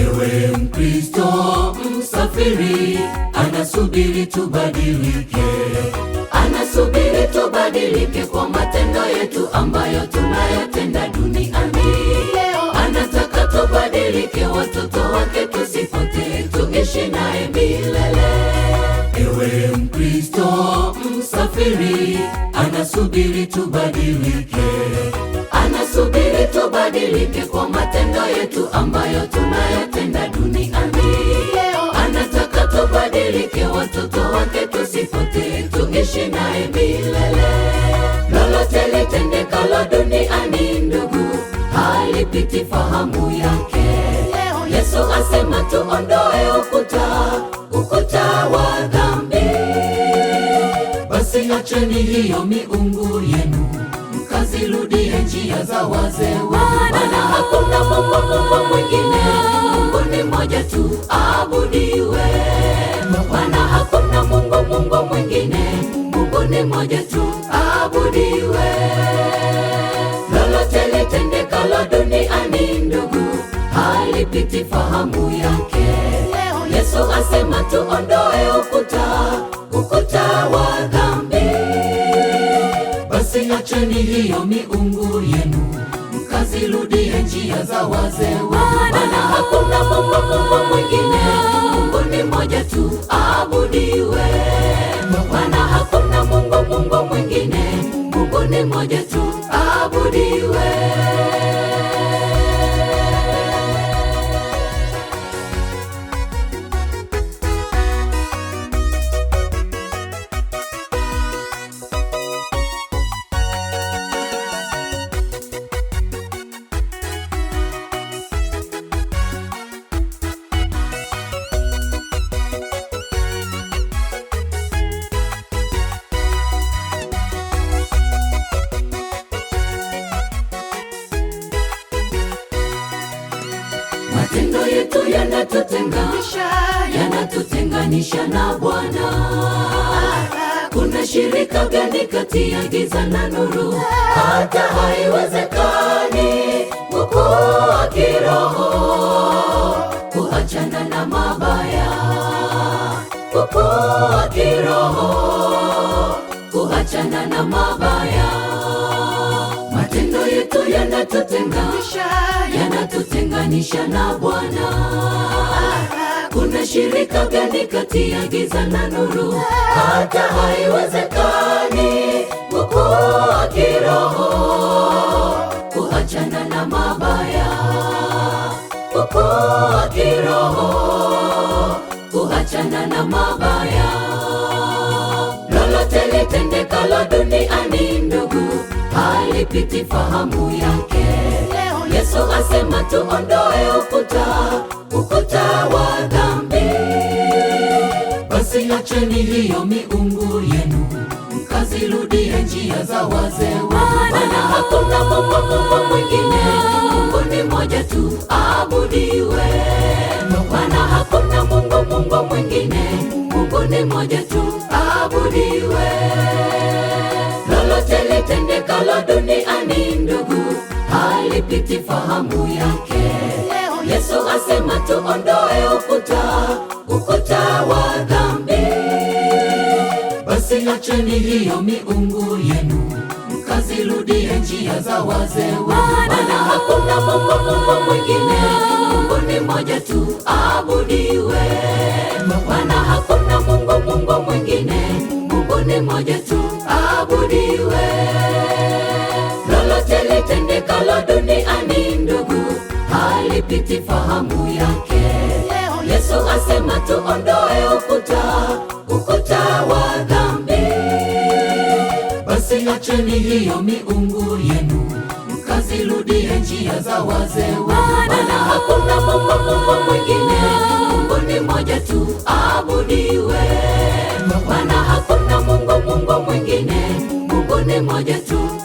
Ewe Mkristo msafiri, anasubiri tubadilike, anasubiri tubadilike kwa matendo yetu ambayo tunayotenda duniani. Anataka tubadilike, watoto wake tusipotee, tuishi naye milele. Ewe Mkristo msafiri, anasubiri tubadilike, anasubiri tubadilike kwa matendo yetu ambayo tunayo tutaishi naye milele. Lolote litendekalo duniani, ndugu, halipiti fahamu yake. Yesu asema tuondoe ukuta, ukuta wa dhambi. Basi acheni hiyo miungu yenu, mkazirudie njia za wazee wenu. mmoja tu abudiwe. Lolote litendekalo duniani, ndugu, halipiti fahamu yake. Yesu asema tuondoe ukuta, ukuta wa dhambi. Basi acheni hiyo miungu yenu, mkazirudie njia za wazee wenu, maana hakuna Mungu Mungu mwingine, Mungu ni mmoja tu, abudiwe. yetu yanatutenganisha, yanatutenganisha na Bwana. Kuna shirika gani kati ya giza na nuru? Hata haiwezekani. Ukuu wa kiroho kuachana na mabaya, ukuu wa kiroho kuachana na mabaya yanatutenganisha yanatutenganisha na Bwana. Kuna shirika gani kati ya giza na nuru? Hata haiwezekani kukua kiroho, kuachana na mabaya, kukua kiroho, kuachana na mabaya. Lolote litendekalo duniani, ndugu alipiti fahamu yake. Leo Yesu asema tuondoe ukuta, ukuta wa dhambi. Basi acheni hiyo miungu yenu, mkazirudie njia za wazee wenu, maana hakuna Mungu Mungu mwingine, Mungu ni mmoja tu aabudiwe. Maana hakuna Mungu Mungu mwingine, Mungu ni mmoja tu aabudiwe lolote litendekalo duniani ndugu, halipiti fahamu yake. Yesu asema tuondoe ukuta, ukuta wa dhambi. Basi acheni hiyo miungu yenu, mkazirudie njia za wazee wenu, maana hakuna Mungu Mungu mwingine, Mungu ni mmoja tu aabudiwe. Maana hakuna Mungu Mungu mwingine, Mungu ni mmoja tu asifiwe. Lolote litendekalo duniani, ndugu, halipiti fahamu yake. Yesu asema tuondoe ukuta, ukuta wa dhambi. Basi acheni hiyo miungu yenu, mkazirudie njia za wazee wenu, maana hakuna Mungu mwingine, Mungu ni mmoja tu, abudiwe. moja tu